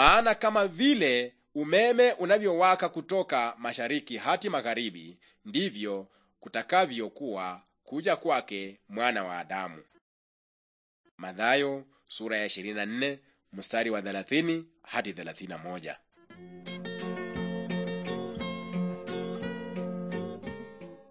maana kama vile umeme unavyowaka kutoka mashariki hati magharibi, ndivyo kutakavyokuwa kuja kwake mwana wa Adamu. Mathayo sura ya 24 mstari wa 30 31.